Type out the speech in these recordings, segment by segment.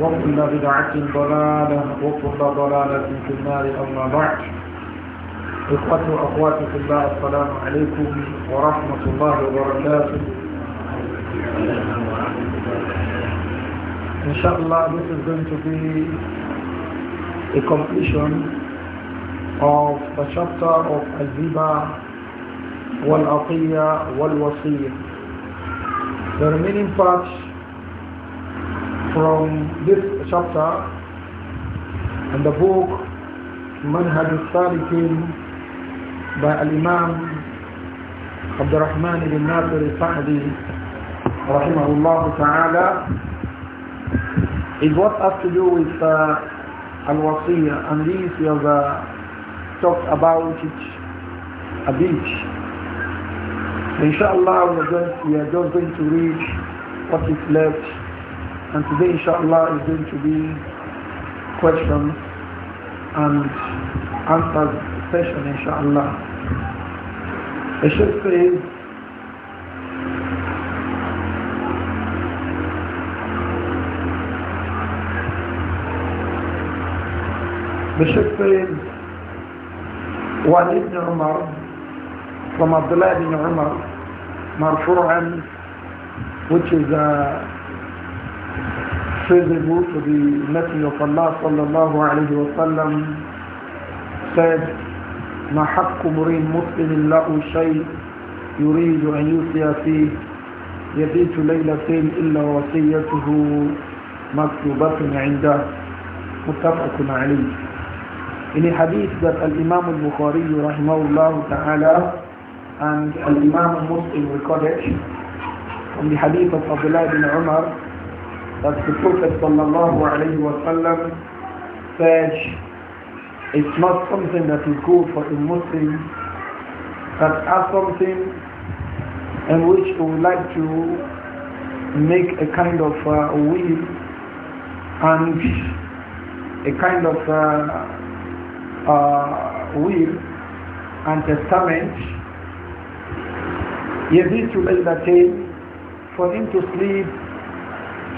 وكل بدعة ضلالة وكل ضلالة في النار أما بعد إخوة وأخواتي في الله السلام عليكم ورحمة الله وبركاته إن شاء الله this is going to be a completion of the chapter of الزبا والعطية والوصية The remaining parts from this chapter and the book منهج السالكين by الإمام عبد الرحمن بن ناصر al رحمه rahimahullah. تعالى is what has to do with uh, al-wasiyah and this we have uh, talked about it a bit Inshallah, we are, just, we are just going to read what is left and today, inshallah, is going to be questions and answers session, inshallah. The Sheikh says, the Sheikh says, وعن ابن عمر from Abdullah Umar which is a uh, favorable to the Messenger of Allah sallallahu alayhi wa sallam said, ما حق مرين مسلم له شيء يريد أن يوصي فيه يبيت ليلة إلا وصيته مكتوبة عنده متفق عليه In a hadith that Al-Imam al-Bukhari rahimahullah ta'ala and Al-Imam Muslim recorded from the hadith of Abdullah ibn Umar that the Prophet sallallahu alayhi wa sallam said it's not something that is good for a Muslim that has something in which we would like to make a kind of uh, will and a kind of uh, uh, will and testament يبيت ليلتين for him to sleep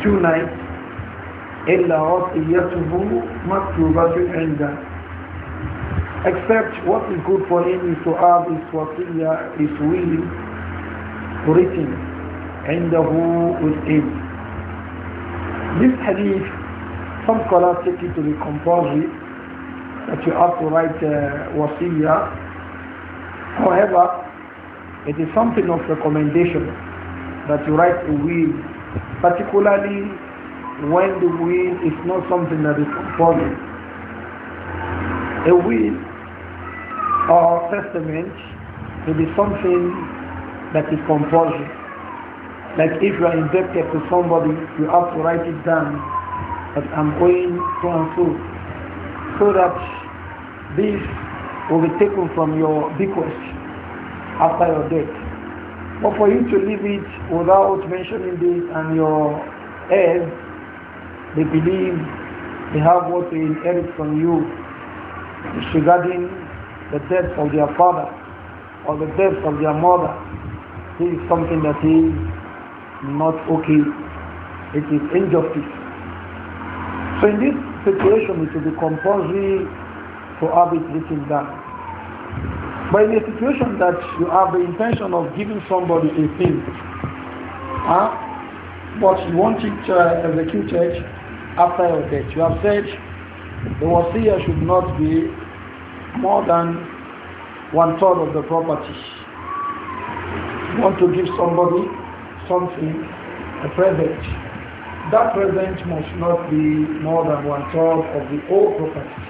two nights إلا عطيته مكتوبة عنده except what is good for him is to have his wasiya, his will written عنده with him this hadith some scholars take it to be compulsory that you have to write uh, wasiya however it is something of recommendation that you write a will particularly when the will is not something that is compulsory. A will or testament to be something that is compulsory. Like if you are indebted to somebody, you have to write it down that I'm going to and so. So that this will be taken from your bequest after your death. But for you to leave it without mentioning this and your heirs, they believe they have what they inherit from you regarding the death of their father or the death of their mother. This is something that is not okay. It is injustice. So in this situation, it will be compulsory for have it written down. But in a situation that you have the intention of giving somebody a thing, huh? but you want it uh, executed after your death, you have said the wasiya should not be more than one third of the property. You want to give somebody something, a present. That present must not be more than one third of the whole property.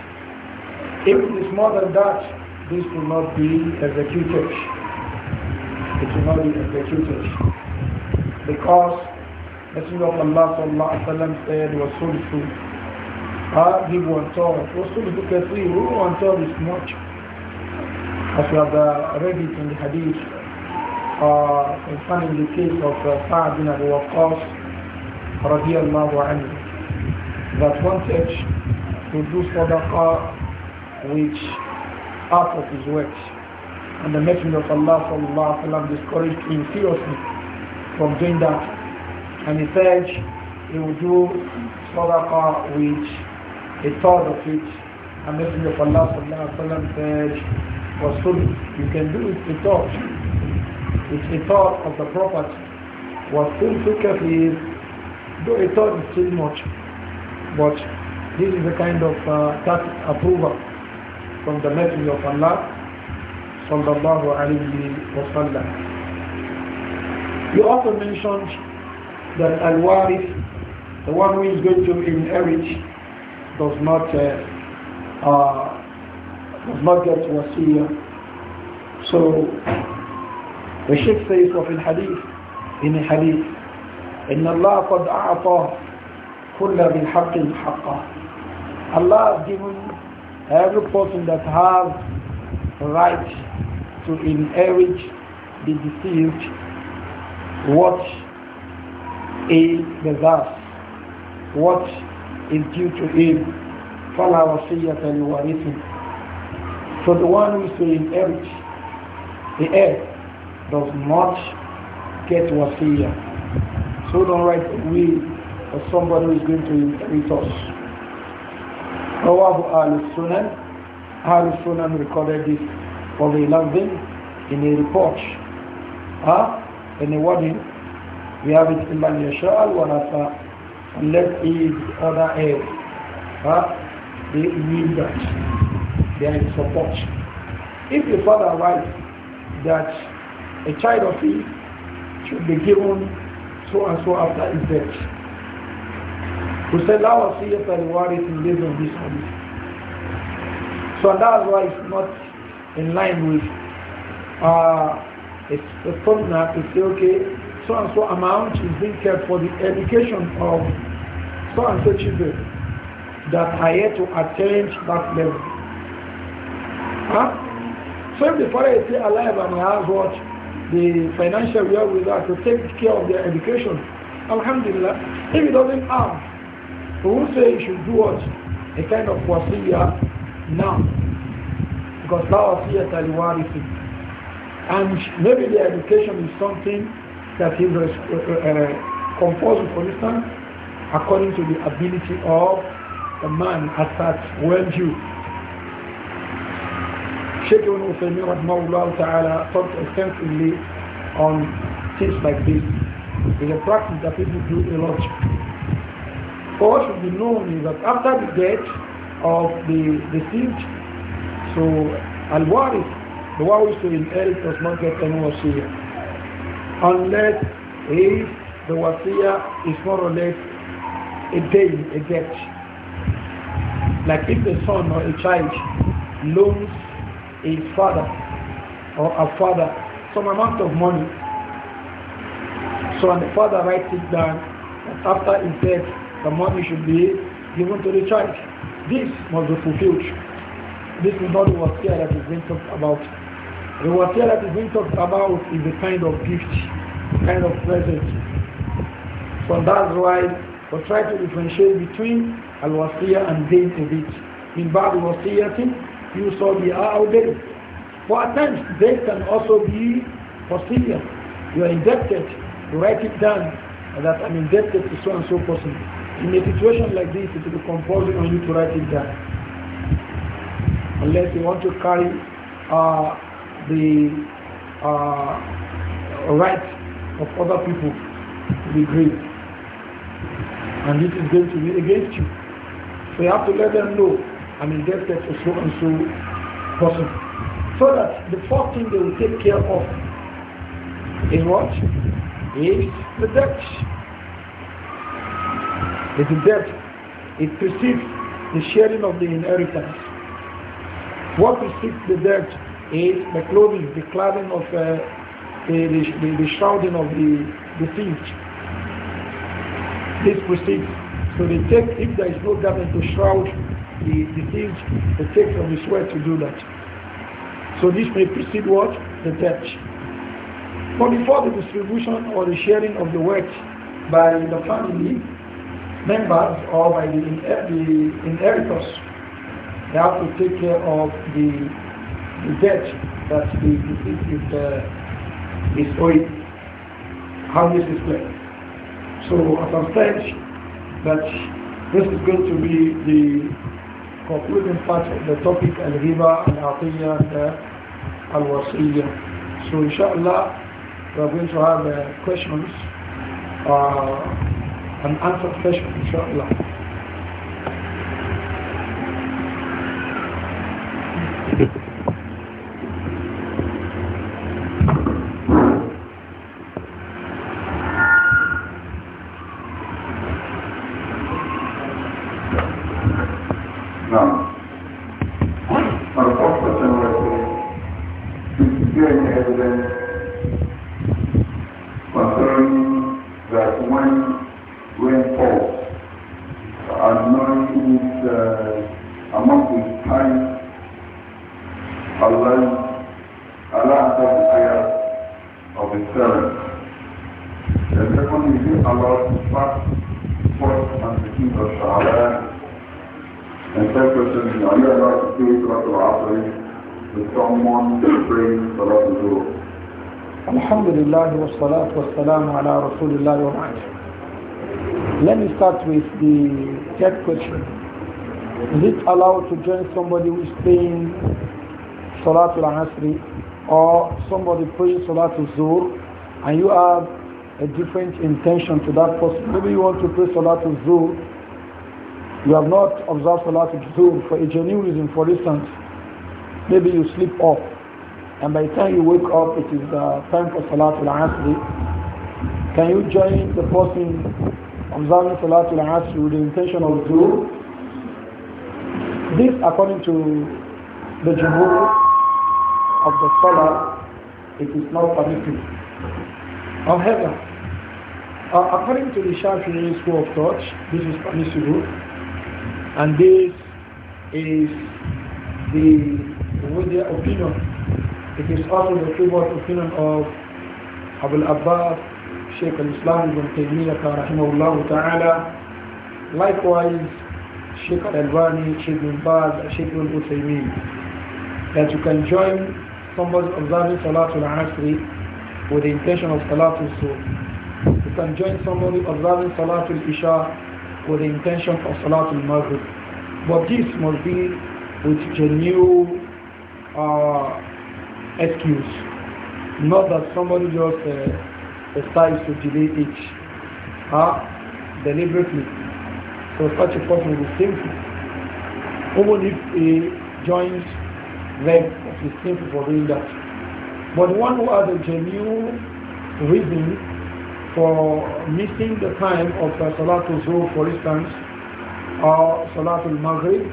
If it is more than that, this will not be executed. It will not be executed. Because Messenger of Allah sallallahu alayhi wa sallam said, to أَعْجِبْ وَانْتَوْرَ وَصُلْفُ كَثِيرٌ وَانْتَوْرَ is much. As we have uh, read it in the hadith, uh, concerning the case of uh, Sa'ad bin Abu Waqqas, radiallahu anhu, that wanted to do sadaqah which half of his works. And the Messenger of Allah sallallahu alayhi wa discouraged him seriously from doing that. And he said he would do sadaqah which he thought of it. And the Messenger of Allah sallallahu alayhi wa sallam said, Rasul, you can do it a thought, It's a thought of the prophet Rasul took a is though a thought is still much. But this is a kind of uh, approval from the Messenger of Allah sallallahu alayhi wa You also mentioned that al waris the one who is going to inherit, does not uh, uh, does not get wasiyah. So the Sheikh says of in hadith, in the hadith, إن الله قد أعطى كل بالحق حقه. Allah has given Every person that has right to inherit the deceived what is deserves, what is due to him. and وَصِيَّةَ لِوَارِثٍ So the one who is to inherit the heir does not get what wasiyah. So don't write we or somebody who is going to inherit us. Rawab al-Sunan, al-Sunan recorded this for the loving in a report, huh? in a wording. We have it in Man Yasha'al wa Rafa, let his other heirs. Huh? They need that. They are in support. If the father writes that a child of his should be given so and so after his death, we said that was serious and worried to live on this hadith. So that's why it's not in line with uh, it's a formula to say, okay, so and so amount is being kept for the education of so and so children that are yet to attain that level. Huh? So if the father is still alive and has what the financial wherewithal to take care of their education, Alhamdulillah, if he doesn't have, so we say you should do what? A kind of wasiya now. Because la wasiya it. And maybe the education is something that is uh, uh, uh composed, for instance, according to the ability of the man as that well due. Sheikh Ibn Uthaymeen rahmahullah ta'ala talked extensively on things like this. It's a practice that people do a lot. For what should be known is that after the death of the deceased, so Al-Waris, the one who is to inherit does not get any wasiyah. Unless if the wasiyah is more or less a day, a debt. Like if the son or a child loans his father or a father some amount of money, so and the father writes it down, after his death, the money should be given to the church. This must be fulfilled. This is not the wasir that is being talked about. The here that is being talked about is a kind of gift, kind of present. So that's why we try to differentiate between al-wasiyah and gain a bit. In bad thing, you saw the outdated. For at times, they can also be wasiyah. You are indebted, you write it down, and that I'm indebted to so and so person. In a situation like this, it will be compulsory on you to write it down. Unless you want to carry uh, the uh, right of other people to be great. And this is going to be against you. So you have to let them know I'm indebted to so and so person. So that the fourth thing they will take care of is what? Is the debt. It is a It precedes the sharing of the inheritance. What precedes the debt is the clothing, the clothing of uh, the, the, the, shrouding of the, the This precedes. So they take, if there is no garment to shroud the, the they take from the sweat to do that. So this may precede what? The debt. But before the distribution or the sharing of the wealth by the family, members or by the, inheritors. They have to take care of the, debt that the deceased is, uh, is owing. How this is played. So as I said, that this is going to be the concluding part of the topic Al-Ghiba, Al-Atiyya, Al-Wasiyya. So inshallah, we are going to have uh, questions. Uh, an answered question, inshallah. Let me start with the third question. Is it allowed to join somebody who is praying Salatul Asri or somebody praying Salatul Zuhr and you have a different intention to that person? Maybe you want to pray Salatul Zuhr, you have not observed Salatul Zuhr for a genuine reason. For instance, maybe you sleep off and by the time you wake up it is uh, time for Salatul Asri can you join the person observing Salatul Asr with the intention of Zuhr? This according to the Jumhur of the scholar, it is not permitted. However, uh, according to the Shafi'i school of thought, this is permissible, and this is the with their opinion. It is also the favorite opinion of Abu Abbas Shaykh al al-Islam ibn Taymiyyah rahimahullah ta'ala. Likewise, Sheikh al-Albani, Sheikh al Baz, Sheikh al Uthaymeen. That you can join somebody observing Salatul Asri with the intention of Salatul Suh. You can join somebody observing Salatul Isha with the intention of Salatul Maghrib. But this must be with genuine uh, excuse. Not that somebody just uh, the star to delay it huh? deliberately. So such a person will be sinful. Even if he joins them, he's sinful for doing that. But one who has a genuine reason for missing the time of uh, Salatul Zuhr, for instance, or Salatul Maghrib,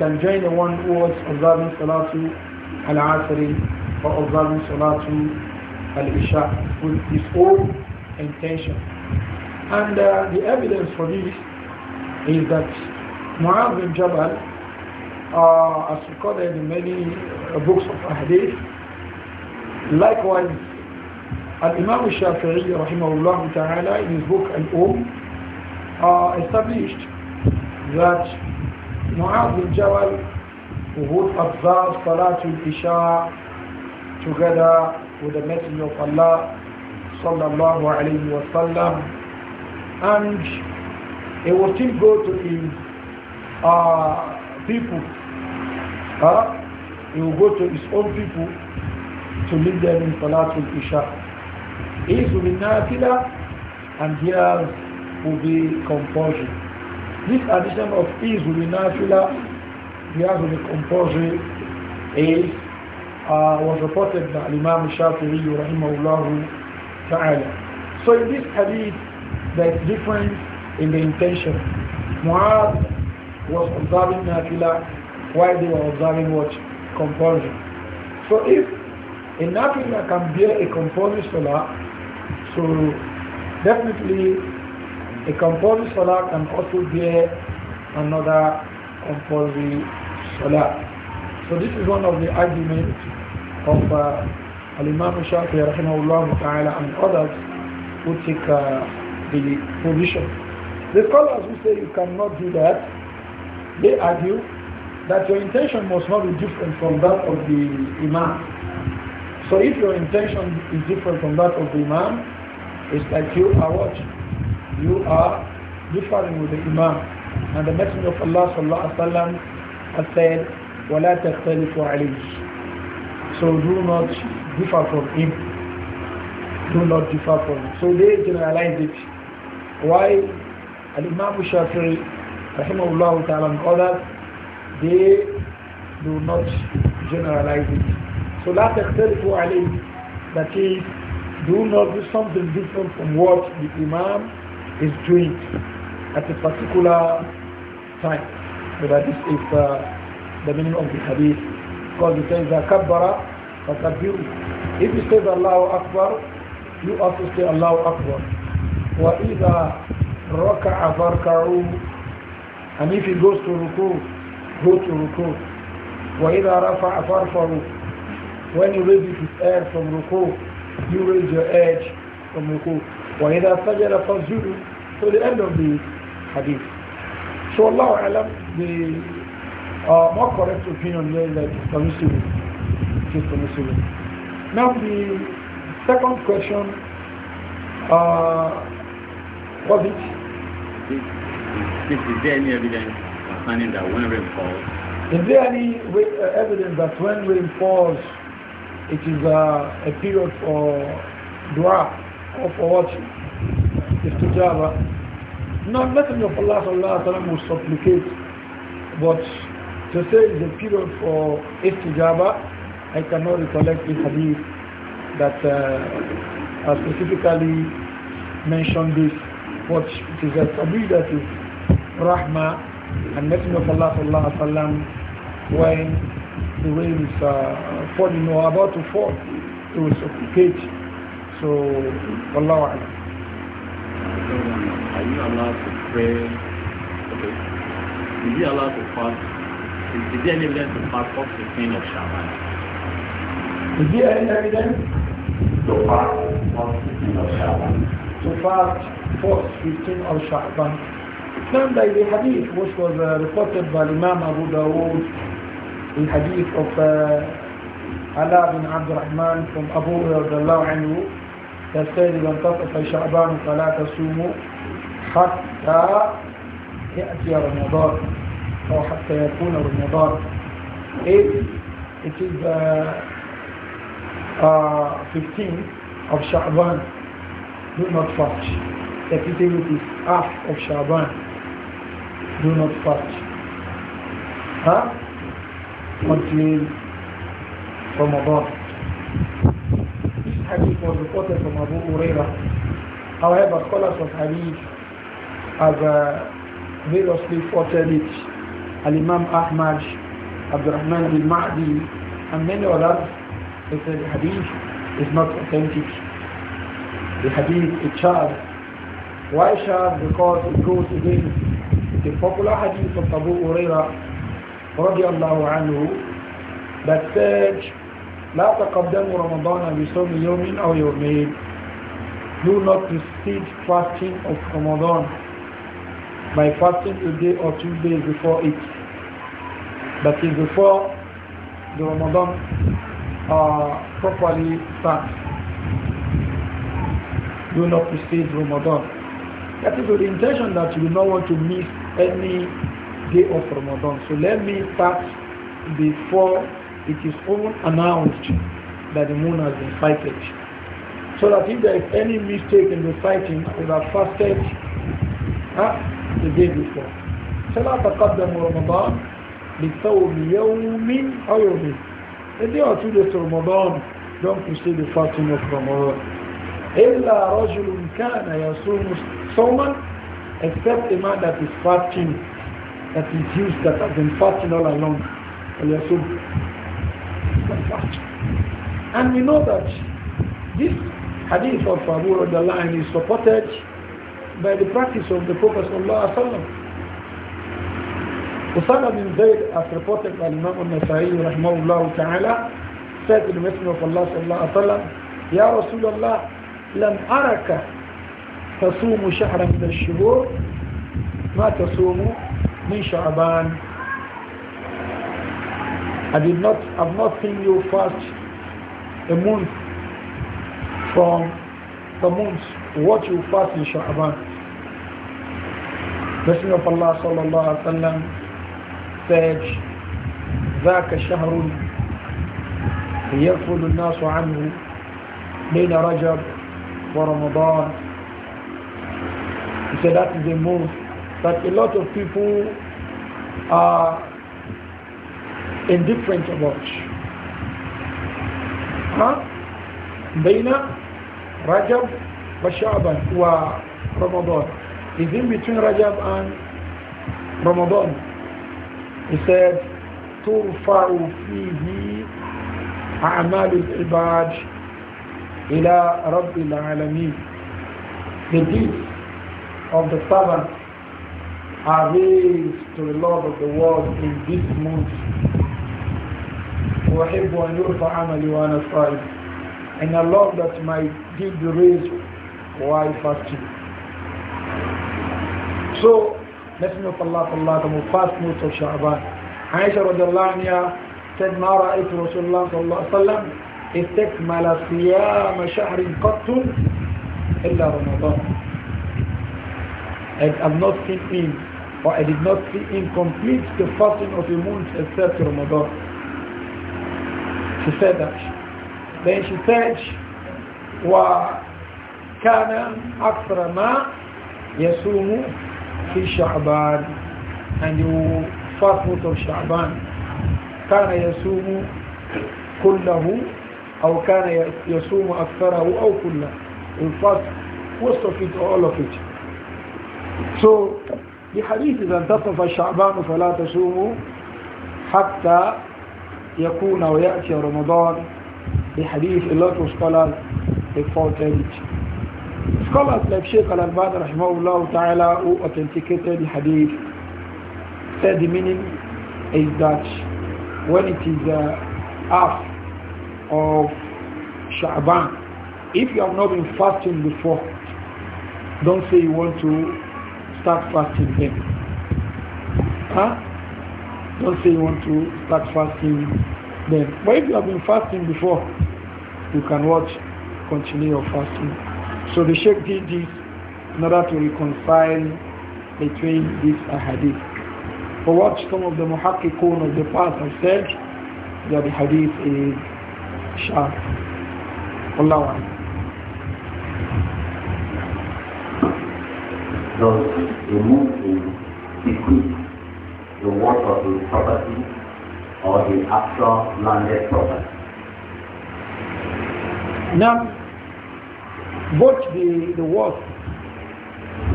can join the one who was observing Salatul Al-Asri or observing Salatul al-Isha with his own intention. And uh, the evidence for this is that Mu'adh bin Jabal, uh, as recorded in many uh, books of Hadith, likewise Al-Imam shafii rahimahullah ta'ala in his book Al-Um uh, established that Mu'adh bin Jabal would observe Salatul Isha together with the Messenger of Allah sallallahu alayhi wa sallam and he will still go to his uh, people he will go to his own people to lead them in Salatul Isha He will be nafila and theirs will be compulsion. this addition of his will be nafila theirs will be compulsion. is uh, was reported by Imam Shafi'i rahimahullah ta'ala. So in this hadith, there's difference in the intention. Mu'adh was observing Nafila while they were observing what? Compulsion. So if a Nafila can bear a compulsory Salah, so definitely a compulsory Salah can also bear another compulsory Salah. So this is one of the arguments of uh, Al-Imam Shafi rahimahullah ta'ala and others who take uh, the position. The scholars who say you cannot do that, they argue that your intention must not be different from that of the Imam. So if your intention is different from that of the Imam, it's like you are what? You are differing with the Imam. And the Messenger of Allah sallallahu Wa wasallam has said, وَلَا تَخْتَلِفُوا عَلَيْهِ so do not differ from him. Do not differ from him. So they generalize it. Why Al-Imam Shafi'i, Rahimahullah Ta'ala and others, they do not generalize it. So لا تختلفوا عليه that is, do not do something different from what the Imam is doing at a particular time. So that is uh, the meaning of the hadith. Because it says, Kabbara, Fakabir. If you say Allahu Akbar, you also say Allahu Akbar. وَإِذَا رَكَعَ فَارْكَعُوا And if he goes to ruku, go to ruku. وَإِذَا رَفَعَ فَارْفَعُوا When he raises his from ruku, you raise your edge from ruku. وَإِذَا سَجَدَ فَاسْجُدُوا To the end of the hadith. So Allah Alam, the uh, more correct opinion here is that it's permissible. It is permissible. Now the second question, uh, was it? Is, is, is there any evidence concerning that when rain falls? Is there any uh, evidence that when rain falls, it is uh, a period for dua or for what? Istijaba. No, Messenger of Allah sallallahu alaihi wasallam will supplicate, but to say the period for istijaba, I cannot recollect the hadith that uh, specifically mentioned this, but it is hadith that is Rahma and Messenger of Allah sallallahu alaihi when the rain is uh, falling or about to fall, it was suffocate. So, Allah Are you allowed to pray? Okay. Is he allowed to fast is there any evidence to fast off the pain of Shaban? Is there any evidence to fast off the pain of Shaban? To fast for 15 of Shaban. Then there is a hadith which was uh, reported by Imam Abu Dawood, the hadith of uh, Ala bin Abdurrahman from Abu Radallahu anhu, that said, إذا انتصف شعبان فلا تصوموا حتى يأتي رمضان أو حتى يكون بالمضار if it is uh, uh, 15 of Sha'ban do not fast The that is half of Sha'ban do not fast huh? until Ramadan this hadith was reported from Abu Huraira however scholars of hadith have uh, variously reported it Al-Imam Ahmad, Abdurrahman al-Mahdi, and many others, they said the hadith is not authentic. The hadith is shard. Why shard? Because it goes against the popular hadith of Abu Huraira radiallahu anhu that said, لا تقدموا رمضان بصوم يوم أو يومين Do not precede fasting of Ramadan by fasting a day or two days before it that is before the Ramadan are uh, properly starts. Do not precede Ramadan. That is with the intention that you do not want to miss any day of Ramadan. So let me start before it is all announced that the moon has been sighted. So that if there is any mistake in the sighting, I would have fasted huh, the day before. So لا تقدموا رمضان بصوم يوم أو يومين The day or two days Ramadan don't precede the fasting of Ramadan إلا رجل كان يصوم صوما except a man that is fasting that is used that has been fasting all along فليصوم and we know that this hadith of Abu Radallah is supported by the practice of the Prophet Sallallahu Alaihi Wasallam وصار من ذلك أفريقيا الإمام النسائي رحمه الله تعالى سيد المسلم صلى الله عليه وسلم يا رسول الله لم أرك تصوم شهرا من الشهور ما تصوم من شعبان I did not, I've not seen you fast a month from the month what you fast in Shaaban. Messenger of Allah sallallahu alayhi wa sallam الفاج ذاك شهر يغفل الناس عنه بين رجب ورمضان He said that is a move that a lot of people are indifferent about. Huh? Baina بين رجب wa Ramadan. is in between Rajab and Ramadan He said, ترفع فيه أعمال العباد إلى رب العالمين. The deeds of the servants are raised to the Lord of the world in this month. وأحب أن يرفع عملي وأنا صائم. And I love that my deed be raised while fasting. So نسمك الله الله كم فاس موت شعبان عائشة رضي الله عنها said ما رأيت رسول الله صلى الله عليه وسلم استكمل صيام شهر قط إلا رمضان I I'm not seen him or I did not see him complete the fasting of the moon except Ramadan. She said that. Then she said, وكان أكثر ما يصوم في شعبان and you fast out of شعبان كان يصوم كله أو كان يصوم أكثره أو كله in fact most of it or all of it so the hadith is أن تطف شعبان فلا تصوموا حتى يكون ويأتي رمضان the hadith a lot of scholars they faulted it Scholars like Sheikh Al-Albad rahimahullah ta'ala who authenticated the hadith said the meaning is that when it is uh, half of Sha'ban, if you have not been fasting before, don't say you want to start fasting then. Huh? Don't say you want to start fasting then. But if you have been fasting before, you can watch, continue your fasting. So the Sheikh did this in order to reconcile between these ahadith. For what some of the muhakkikun of the past have said, that the hadith is sharp. Allah wa Does the the quick the worth of the property or the actual landed property? Now, both the, the wealth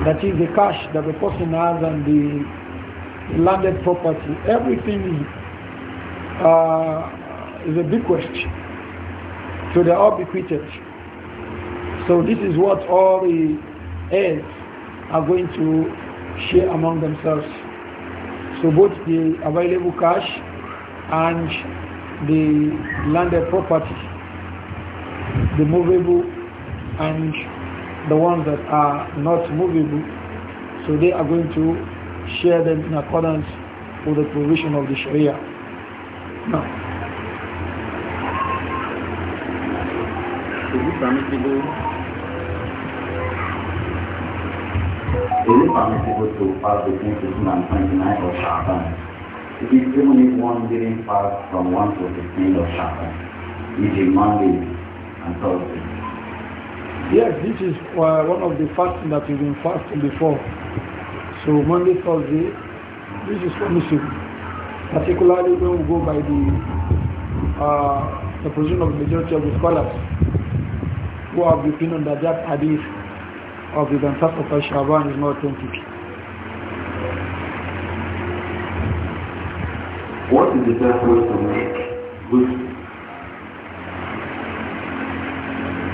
that is the cash that the person has and the landed property, everything uh, is a bequest. So they are bequeathed. So this is what all the heirs are going to share among themselves. So both the available cash and the landed property, the movable and the ones that are not movable, so they are going to share them in accordance with the provision of the Sharia. Now, is it permissible? Is it permissible to pass between 15 and 29 of Shaban? It is even if one didn't fast from 1 to 15 of Shaban, e.g. Monday and Thursday. Yes, this is uh, one of the fasting that we've been fasting before. So Monday, Thursday, this is permissible. Particularly when we go by the uh, the position of the majority of the scholars who have the opinion that that hadith of the Dantas of Shaban is not authentic. What is the best way make good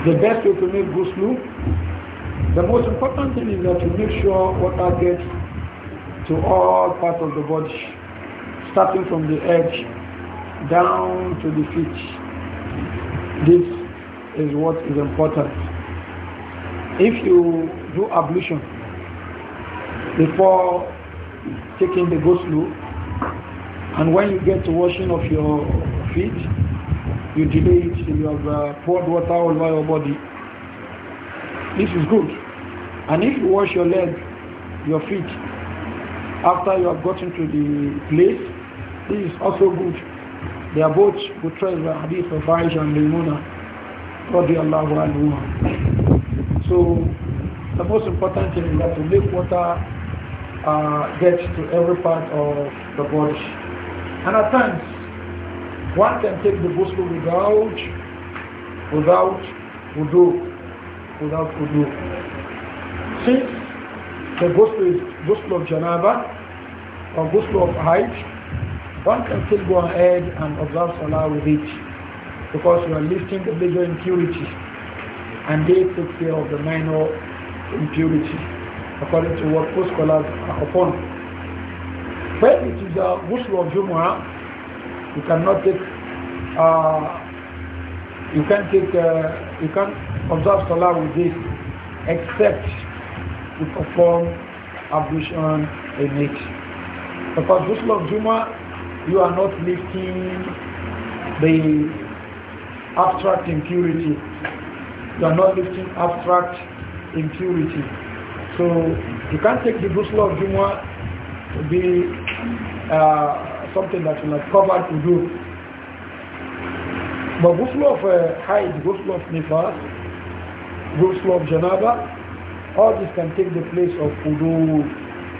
The best way to make ghusl, the most important thing is that you make sure water gets to all parts of the body, starting from the edge down to the feet. This is what is important. If you do ablution before taking the ghusl, and when you get to washing of your feet, you delay it, you have uh, poured water all over your body. This is good. And if you wash your leg, your feet, after you have gotten to the place, this is also good. They are both portrayed the hadith of Aisha and Maimuna, radiallahu anhu. So the most important thing is that to make water uh, get to every part of the body. And at times, one can take the ghusl without, without wudu, without wudu. Since the ghusl is ghusl of janaba or ghusl of hajj, one can still go ahead and observe salah with it because you are lifting the major impurity and they took care of the minor impurity according to what post scholars are upon. When it is a ghusl of Jumu'ah you cannot take, uh, you can't take, uh, you can't observe Salah with this, except to perform ablution in it. Because Ghusl of Juma, you are not lifting the abstract impurity. You are not lifting abstract impurity. So you can't take the Ghusl of Juma to be uh, something that you have covered to do. But ghusl of uh, hide, ghusl of nifas, ghusl of janaba, all this can take the place of udu.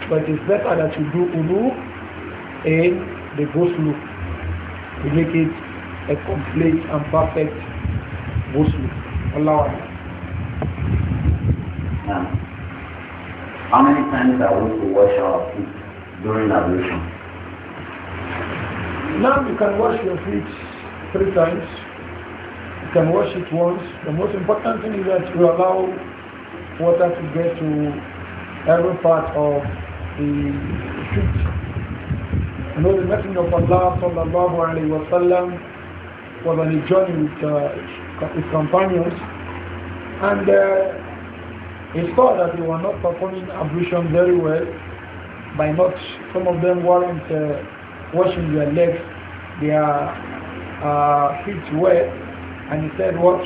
But it's better that you do udu in the ghusl to make it a complete and perfect ghusl. Allah. Now, how many times are we to wash our feet during ablution? Now you can wash your feet three times. You can wash it once. The most important thing is that you allow water to get to every part of the feet. You know the Messenger of Allah sallallahu alayhi wa sallam was on a journey with uh, his companions and uh, he saw that they were not performing ablution very well by not, some of them weren't uh, washing their legs, their uh, feet wet. And he said, watch.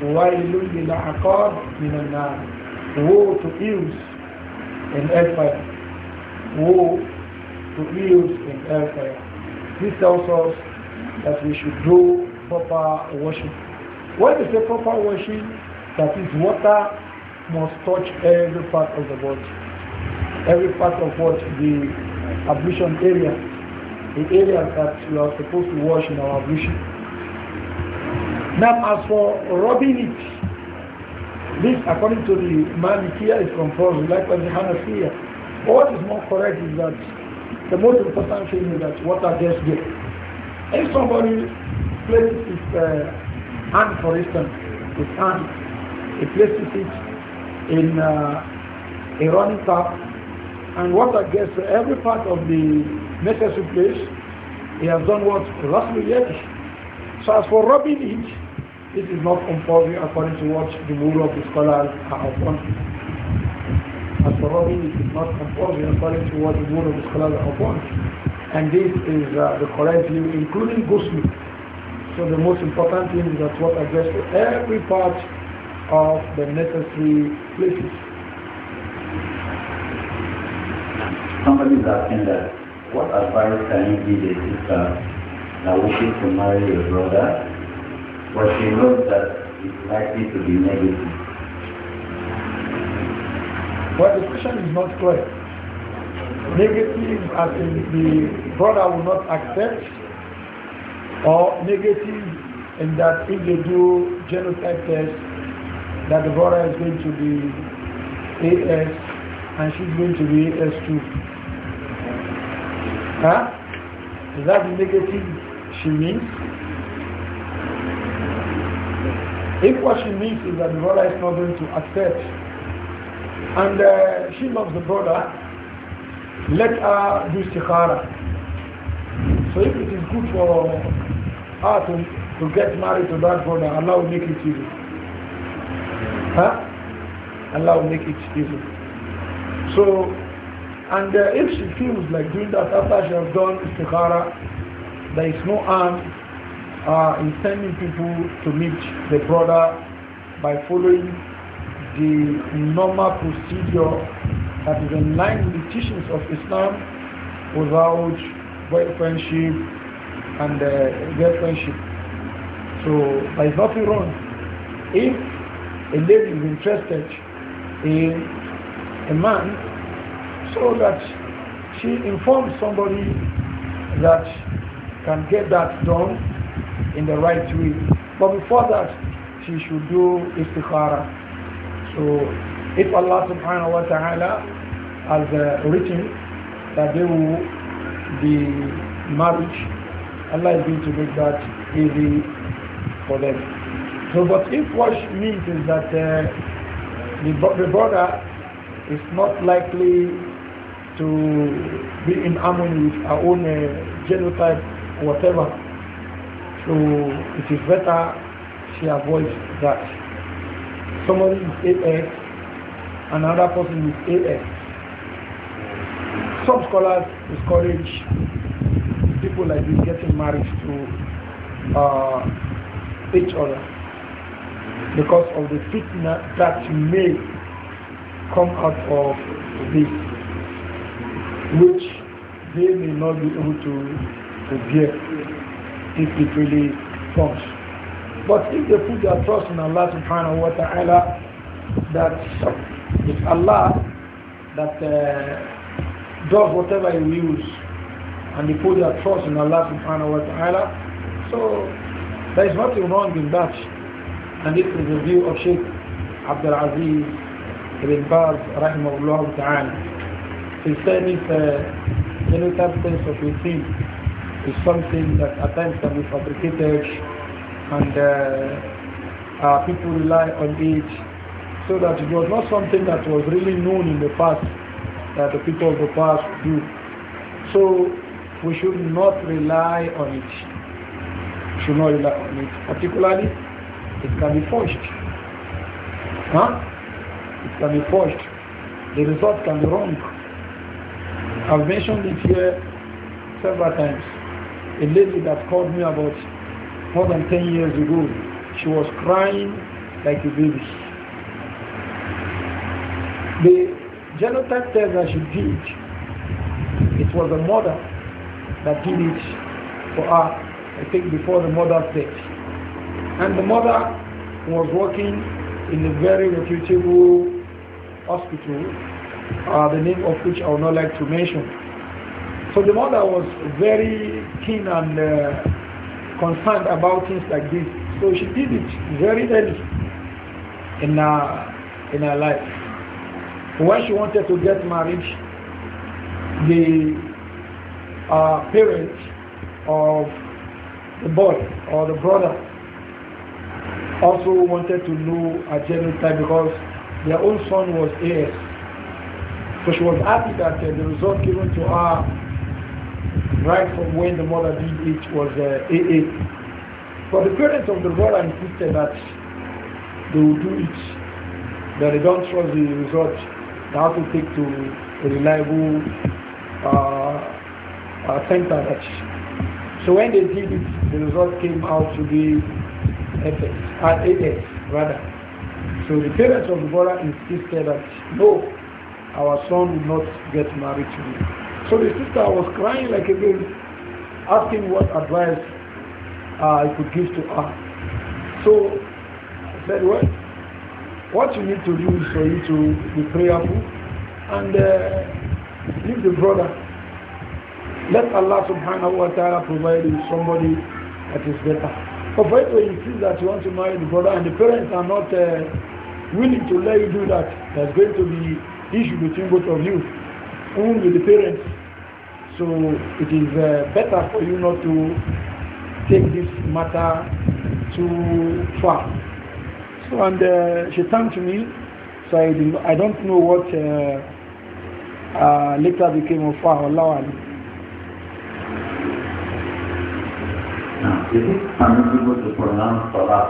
وَيْلٌ لِلْعَقَابِ مِنَ النَّارِ Woe to eels in hellfire. Woe to use in hellfire. This tells us that we should do proper washing. When the say proper washing, that is water must touch every part of the body. Every part of what? The ablution area the area that we are supposed to wash in our ablution. Now as for rubbing it, this according to the Malikiya is compulsory, likewise the Hanafiya. What is more correct is that the most important thing is that water gets there. If somebody places his uh, hand, for instance, his hand, he places it in uh, a running tap and water gets to every part of the necessary place, he has done what? Rasul Yeti. So as for rubbing it, it is not compulsory according to what the rule of the scholars have upon. As for rubbing, it is not compulsory according to what the rule of the scholars have upon. And this is uh, the correct view, including ghusl. So the most important thing is that water gets to every part of the necessary places. somebody is asking that, what advice can you give a sister that wishes to marry a brother, but she knows that it's likely to be negative? Well, the question is not clear. Negative as in the brother will not accept, or negative in that if they do genotype test, that the brother is going to be AS and she's going to be AS2. Huh? Is that negative she means? If what she means is that the brother is not going to accept, and uh, she loves the brother, let her do istikhara. So if it is good for her to, to get married to that brother, Allah will make it easy. Huh? Allah will make it easy. So and uh, if she feels like doing that after she has done istikhara, there is no harm uh, in sending people to meet the brother by following the normal procedure that is in line with the teachings of Islam without boyfriendship and uh, girlfriendship. So there is nothing wrong. If a lady is interested in a man so that she informs somebody that can get that done in the right way. But before that, she should do istikhara. So if Allah subhanahu wa ta'ala has uh, written that they will be married, Allah is going to make that easy for them. So but if what she means is that uh, the, the brother is not likely to be in harmony with our own uh, genotype, whatever. So it is better she avoids that. Somebody is AX, another person is AX. Some scholars discourage people like this getting married to uh, each other because of the fitness that may come out of this which they may not be able to, to bear if it really comes. But if they put their trust in Allah subhanahu wa ta'ala, that it's Allah that uh, does whatever He wills, and they put their trust in Allah subhanahu wa ta'ala, so there is nothing wrong in that. And this is the view of Sheikh Abdul Aziz ibn Baz rahimahullah ta'ala concerning uh, genital sense of a is something that attempts to be fabricated and uh, uh, people rely on it so that it was not something that was really known in the past that the people of the past do. So we should not rely on it. Should not rely on it. Particularly, it can be forged. Huh? It can be forged. The result can be wrong. I've mentioned it here several times. A lady that called me about more than 10 years ago, she was crying like a baby. The genotype test that she did, it was a mother that did it for her, I think before the mother's death. And the mother was working in a very reputable hospital uh, the name of which I would not like to mention. So the mother was very keen and uh, concerned about things like this. So she did it very early in her, in her life. When she wanted to get married, the uh, parents of the boy or the brother also wanted to know her genotype because their own son was AS. So she was happy that uh, the result given to her right from when the mother did it was uh, AA. But the parents of the brother insisted that they would do it, that they don't trust the result. They have to take to a reliable uh, uh, center. That so when they did it, the result came out to be FX, AA uh, rather. So the parents of the brother insisted that no, our son will not get married to me. So the sister was crying like a baby, asking what advice uh, I could give to her. So I said, well, what you need to do is for you to be prayerful and uh, leave the brother. Let Allah subhanahu wa ta'ala provide you somebody that is better. But right when you feel that you want to marry the brother and the parents are not uh, willing to let you do that, there's going to be issue between both of you, and with the parents. So it is uh, better for you not to take this matter too far. So and uh, she to me. So I, did, I don't know what uh, uh later became of her. Allah Is it permissible to pronounce salat?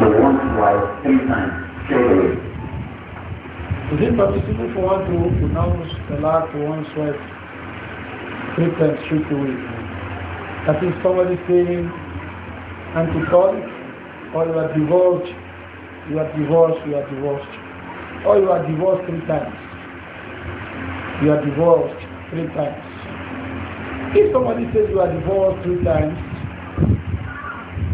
The one's wife three times, is it permissible for one to pronounce the last one's wife three times straight away? That is somebody saying, it, or you are divorced, you are divorced, you are divorced. Or you are divorced three times. You are divorced three times. If somebody says you are divorced three times,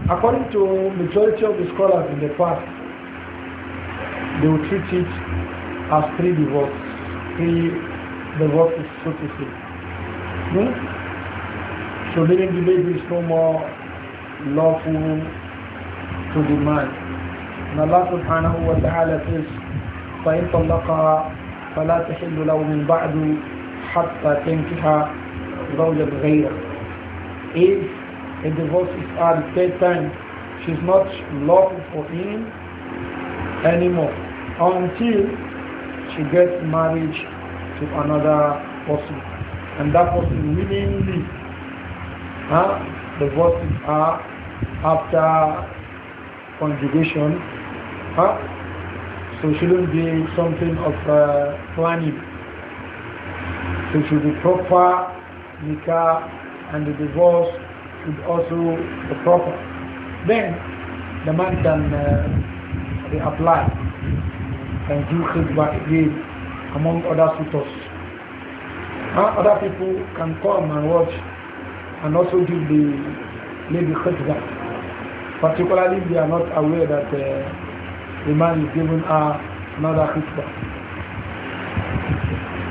according to majority of the scholars in the past, they will treat it has three divorces, three divorces, so to say. No? So leaving the baby is no more lawful to the man. And Allah subhanahu wa ta'ala says, فَإِن طَلَّقَهَا فَلَا تَحِلُّ لَهُ مِن بَعْدُ حَتَّى تَنْكِحَ زَوْجًا غَيْرَهُ If a divorce is her third time, she's not lawful for him anymore until she gets married to another person. And that person willingly huh, divorces her after conjugation. Huh? So it shouldn't be something of uh, planning. So it should be proper nikah and the divorce should also be proper. Then the man can uh, apply and do khidbah again among other suitors. Other people can come and watch and also give the lady khidbah. Particularly they are not aware that uh, the man is giving her another khidbah.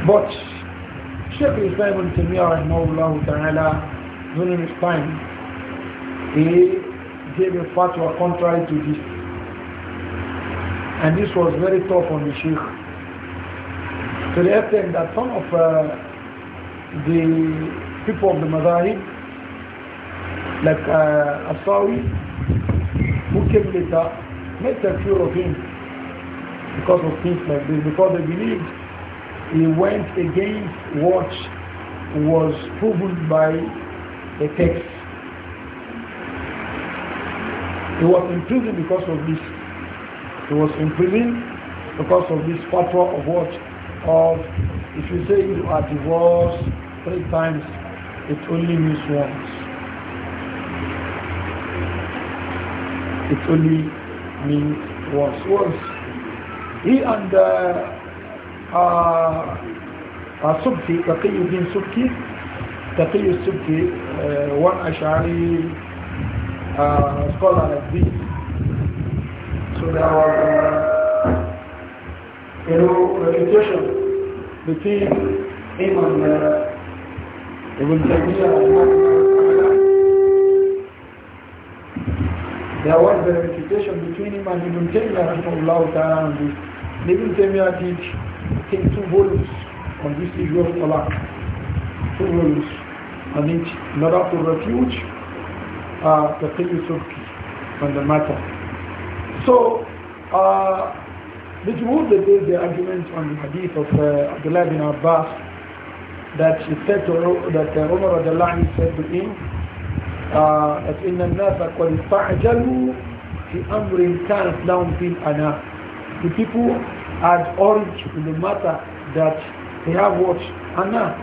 But Sheikh Islam ibn Taymiyyah ta'ala during his time he gave a fatwa contrary to this and this was very tough on the sheikh. To the extent that some of uh, the people of the Mazahib, like uh, Asawi, who came later, made a few of him because of things like this, because they believed he went against what was proven by the text. He was imprisoned because of this. He was imprisoned because of this fatwa of what? Of if you say you are divorced three times, it only means once. It only means once. Once. He and uh, uh, uh, Subki, Taqiyuddin Subki, Taqiy Subki, uh, one Ash'ari uh, scholar like this, to our uh, you know, reputation between him and uh, Ibn Taymiyyah. There was a reputation between him and Ibn Taymiyyah ta'ala on this. Ibn Taymiyyah did take two volumes on this issue of Allah. Two volumes and it's in order to refuge uh, the Qiyusufki on the matter. So, uh, the Jumu'ud, they based their argument on the hadith of uh, Abdullah bin Abbas that he said to, that uh, Umar Adalani said to him uh, that in the النَّاسَ قَدْ اسْتَعْجَلُوا فِي أَمْرٍ كَانَتْ لَهُمْ فِي الْأَنَا The people had urged in the matter that they have what? Anna.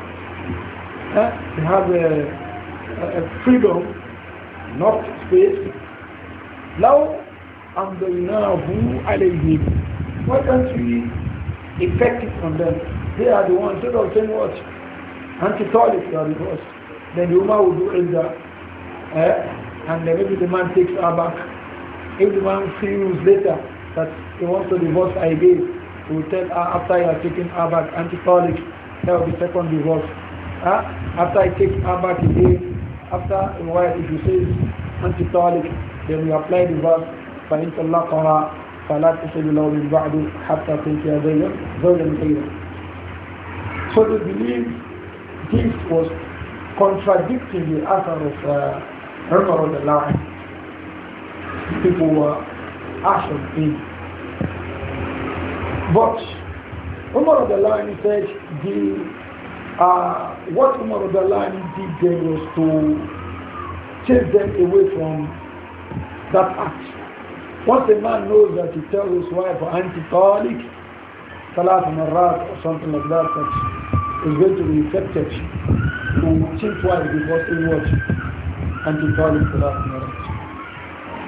Uh, eh? they have a, a freedom, not space. Now, amdalnahu alayhim. Why can't we effect it on them? They are the ones. Instead of saying what? Anti-Talib, they are the Then the woman will do Idda. Eh? And then maybe the man takes her back. If the man feels later that he wants to divorce I gave, he will tell her after you are taking her back, anti-Talib, that will be second divorce. Huh? Eh? After I take her back again, after a while, if you say anti-Talib, then we apply the verse فإن طلقها فلا له من بعد حتى زوجا So they believe this was contradicting the author of uh, Umar the Lion. People were ashen But Umar the Lion said the uh, what Umar the Lion did then was to take them away from that act. Once a man knows that he tells his wife or anti-talik, salat marat or something like that, that is going to be infected, he will wife twice before he what? Anti-talik, salat marat.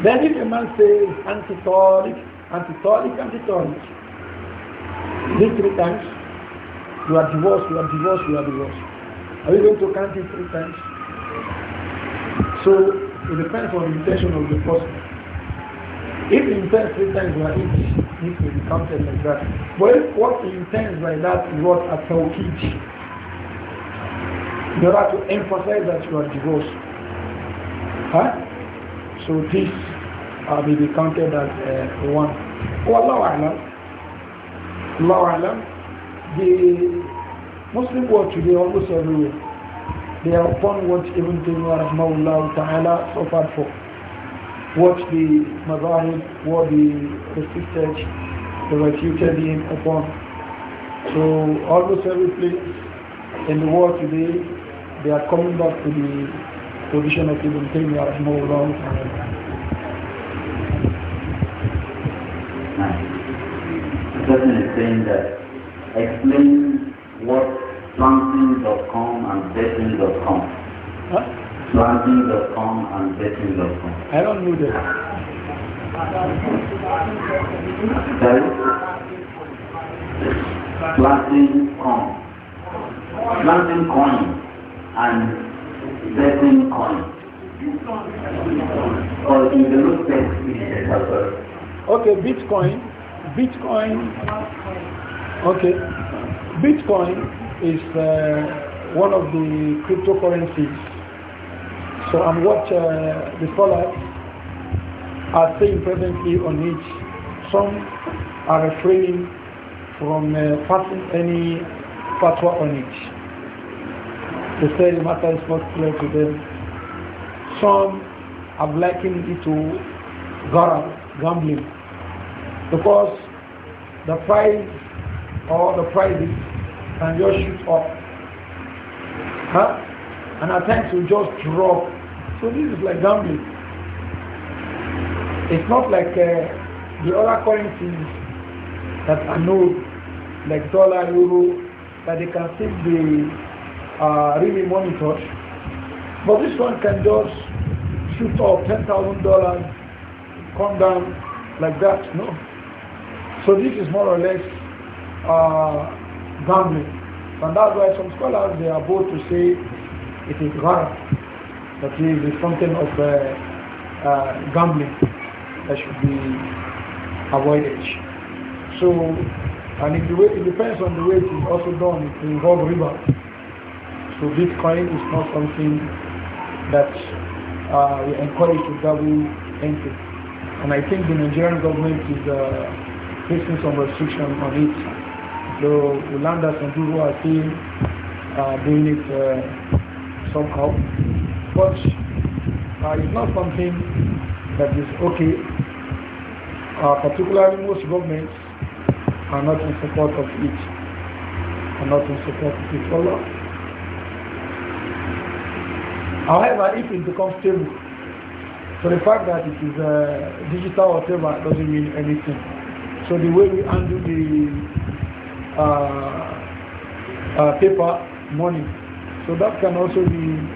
Then if a man says anti-talik, anti-talik, anti-talik, these three times, you are divorced, you are divorced, you are divorced. Are you going to count it three times? So it depends on the intention of the person. If he intends three times are it, it will be counted like that. But if what he intends by that is what a tawqid, you have to emphasize that you are divorced. Huh? So this uh, will be counted as uh, one. Wallahu alam. Allahu alam. The Muslim world today almost everywhere. They are upon what Ibn Taymiyyah Rahmahullah Ta'ala suffered for. Watch the Mazahib, what the restricted, the future being upon. So almost every place in the world today, they are coming back to the position of Ibn Taymiyyah Rahimahullah. The person is saying that explain what plantings.com and betting.com. Huh? Swazi.com and betting.com. I don't know that. Sorry? coin. Planting coin and betting coin. Or in the look Okay, Bitcoin. Bitcoin. Okay. Bitcoin is uh, one of the cryptocurrencies so and what uh, the scholars are saying presently on it, some are refraining from uh, passing any fatwa on it. They say the matter is not clear to them. Some are likened it to gambling, because the price or the prices can just shoot up. Huh? And attempts to will just drop so this is like gambling. It's not like uh, the other currencies that are known, like dollar, euro, that they can still be uh, really monitored. But this one can just shoot or $10,000, come down like that, no? So this is more or less uh, gambling. And that's why some scholars, they are both to say it is haram that means it's something of uh, uh, gambling that should be avoided. So, and it, it depends on the way it is also done. It involves riba. So Bitcoin is not something that uh, we encourage to double entry. And I think the Nigerian government is placing uh, some restriction on it. so, Ulanda and people are still uh, doing it uh, somehow. But uh, it's not something that is okay, uh, particularly most governments are not in support of it, are not in support of it for uh, However, if it becomes stable, so the fact that it is uh, digital or whatever doesn't mean anything. So the way we handle the uh, uh, paper money, so that can also be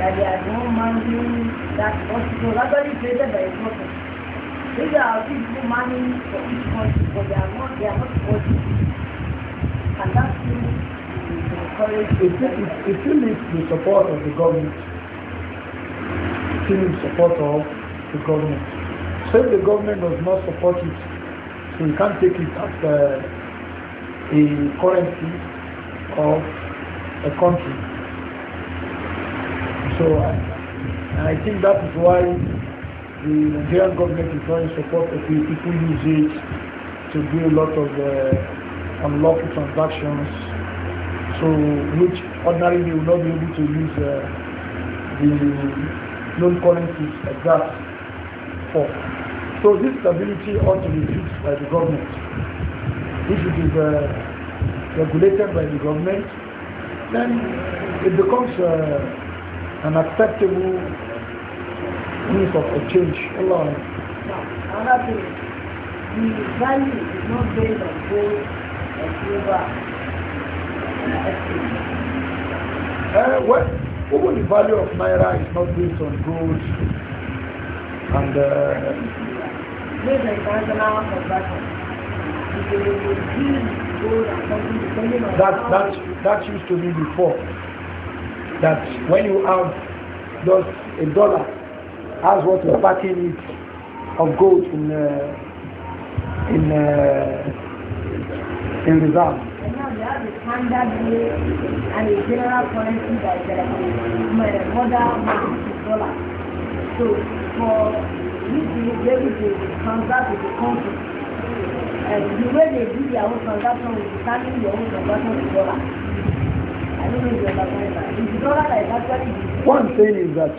that are no money that hospital actually created by a prophet. These are people money for each country, but they are not, they are not worthy. And that's still encourage if you, it still needs the support of the government. you need needs support of the government. So if the government does not support it, so you can't take it as a, uh, a currency of a country so and I think that is why the Nigerian government is trying to support the people use it to do a lot of uh, unlawful transactions, so which ordinarily will not be able to use uh, the loan currencies as that for. So this stability ought to be fixed by the government. If it is uh, regulated by the government, then it becomes uh, an acceptable means of exchange. Allah. Eh, Another thing, the value is not based on gold and silver. Uh, well, the value of naira is not based on gold and uh, based on international transaction. That that that used to be before. that when you have just a dollar as what you're packing it of gold in uh, in uh, in reserve. now they have standard and general currency that is like a mother dollar. So for you to be able to transact with the country, and the way they do their own transaction will determine your own transaction in dollar. One thing is that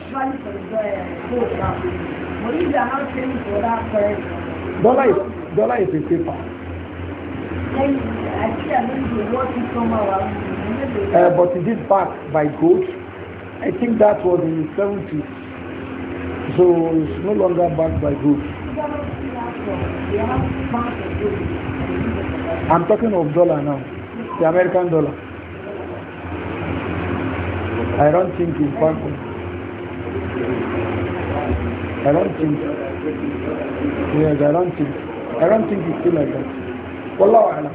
dollar is dollar is a paper. Uh, but it is backed by gold. I think that was in the 70s. So it's no longer backed by gold. I'm talking of dollar now, the American dollar. I don't think it's possible. I don't think. Yes, I don't think. I don't think it's still like that. Wallahu alam.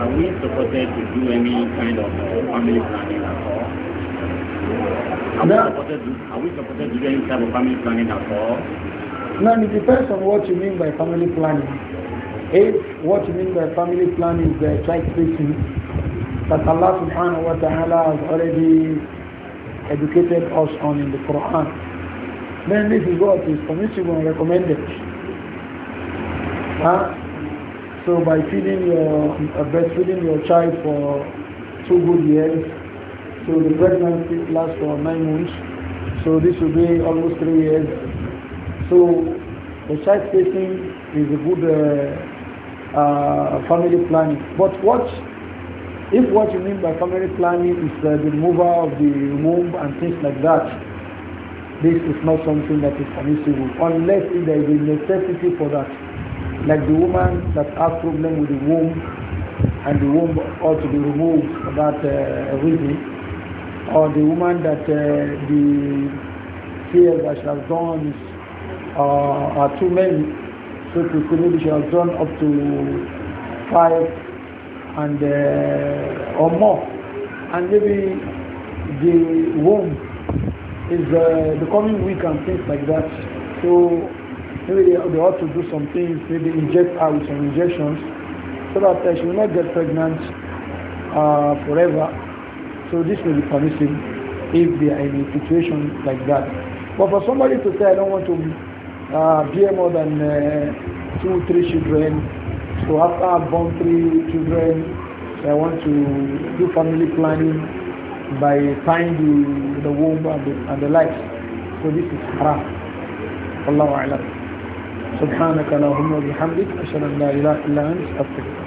Are we supposed to do any kind of family planning at all? Are, no. we, supposed to, are we supposed to do any kind of family planning at all? Now it depends on what you mean by family planning. If what you mean by family planning is the child raising, that Allah subhanahu wa ta'ala has already educated us on in the Quran, then this is what is permissible and recommended. Huh? So by feeding your, uh, breastfeeding your child for two good years, so the pregnancy lasts for nine months, so this will be almost three years, so the child spacing is a good uh, uh, family planning. But what if what you mean by family planning is uh, the removal of the womb and things like that, this is not something that is permissible unless there is a necessity for that. Like the woman that has problem with the womb and the womb ought to be removed for that uh, reason, or the woman that uh, the fear that she has done is uh, or too many. So to say she has done up to five and uh, or more. And maybe the womb is uh, becoming weak and things like that. So maybe they, they ought to do some things, maybe inject her with some injections so that uh, she will not get pregnant uh, forever. So this may be permissible if they are in a situation like that. But for somebody to say, I don't want to uh, bear more than uh, two, three children. So after I've born three children, I want to do family planning by tying the, the womb and the, and the life. So this is haram. Allahu A'lam. سبحانك اللهم وبحمدك أشهد أن لا إله إلا أنت أستغفرك